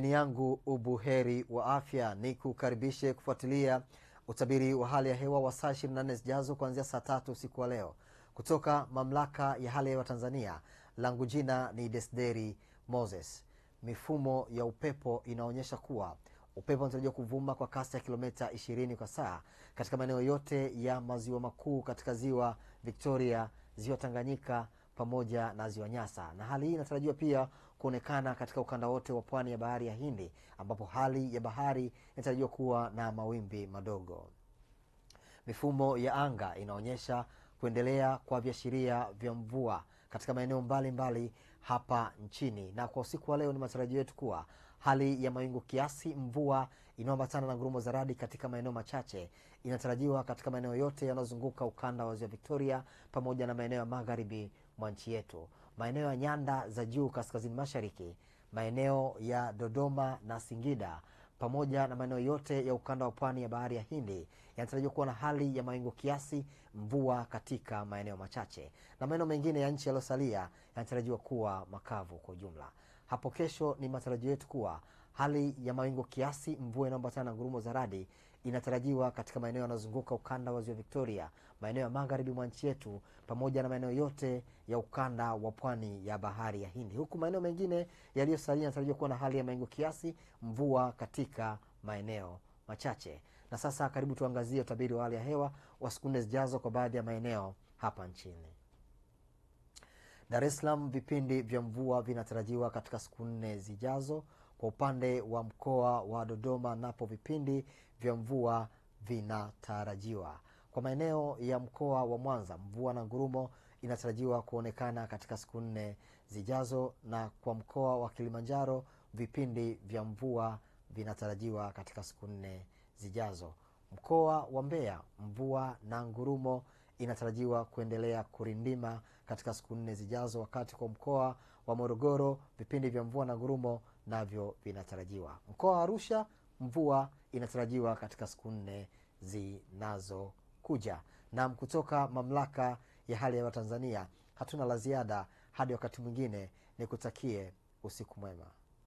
Ni yangu ubuheri wa afya, ni kukaribishe kufuatilia utabiri wa hali ya hewa wa saa 24 zijazo kuanzia saa tatu usiku wa leo kutoka mamlaka ya hali ya hewa Tanzania. Langu jina ni Desderi Moses. Mifumo ya upepo inaonyesha kuwa upepo unatarajiwa kuvuma kwa kasi ya kilomita 20 kwa saa katika maeneo yote ya maziwa makuu katika ziwa Victoria, ziwa Tanganyika pamoja na ziwa Nyasa, na hali hii inatarajiwa pia kuonekana katika ukanda wote wa pwani ya bahari ya Hindi, ambapo hali ya bahari inatarajiwa kuwa na mawimbi madogo. Mifumo ya anga inaonyesha kuendelea kwa viashiria vya mvua katika maeneo mbalimbali hapa nchini, na kwa usiku wa leo ni matarajio yetu kuwa Hali ya mawingu kiasi, mvua inayoambatana na ngurumo za radi katika maeneo machache inatarajiwa katika maeneo yote yanayozunguka ukanda wa ziwa Victoria pamoja na maeneo ya magharibi mwa nchi yetu, maeneo ya nyanda za juu kaskazini mashariki, maeneo ya Dodoma na Singida pamoja na maeneo yote ya ukanda wa pwani ya bahari ya Hindi yanatarajiwa kuwa na hali ya mawingu kiasi, mvua katika maeneo machache, na maeneo mengine ya nchi yaliyosalia yanatarajiwa kuwa makavu kwa ujumla hapo kesho, ni matarajio yetu kuwa hali ya mawingu kiasi, mvua inaambatana na ngurumo za radi inatarajiwa katika maeneo yanayozunguka ukanda wa ziwa Victoria, maeneo ya magharibi mwa nchi yetu, pamoja na maeneo yote ya ukanda wa pwani ya bahari ya Hindi, huku maeneo mengine yaliyosalia yanatarajiwa kuwa na hali ya mawingu kiasi, mvua katika maeneo machache. Na sasa, karibu tuangazie utabiri wa hali ya hewa wa siku nne zijazo kwa baadhi ya maeneo hapa nchini. Dar es Salaam, vipindi vya mvua vinatarajiwa katika siku nne zijazo. Kwa upande wa mkoa wa Dodoma, napo vipindi vya mvua vinatarajiwa. Kwa maeneo ya mkoa wa Mwanza, mvua na ngurumo inatarajiwa kuonekana katika siku nne zijazo, na kwa mkoa wa Kilimanjaro vipindi vya mvua vinatarajiwa katika siku nne zijazo. Mkoa wa Mbeya, mvua na ngurumo inatarajiwa kuendelea kurindima katika siku nne zijazo, wakati kwa mkoa wa Morogoro vipindi vya mvua na ngurumo navyo vinatarajiwa. Mkoa wa Arusha mvua inatarajiwa katika siku nne zinazokuja. Nam, kutoka mamlaka ya hali ya hewa Tanzania hatuna la ziada. Hadi wakati mwingine, nikutakie usiku mwema.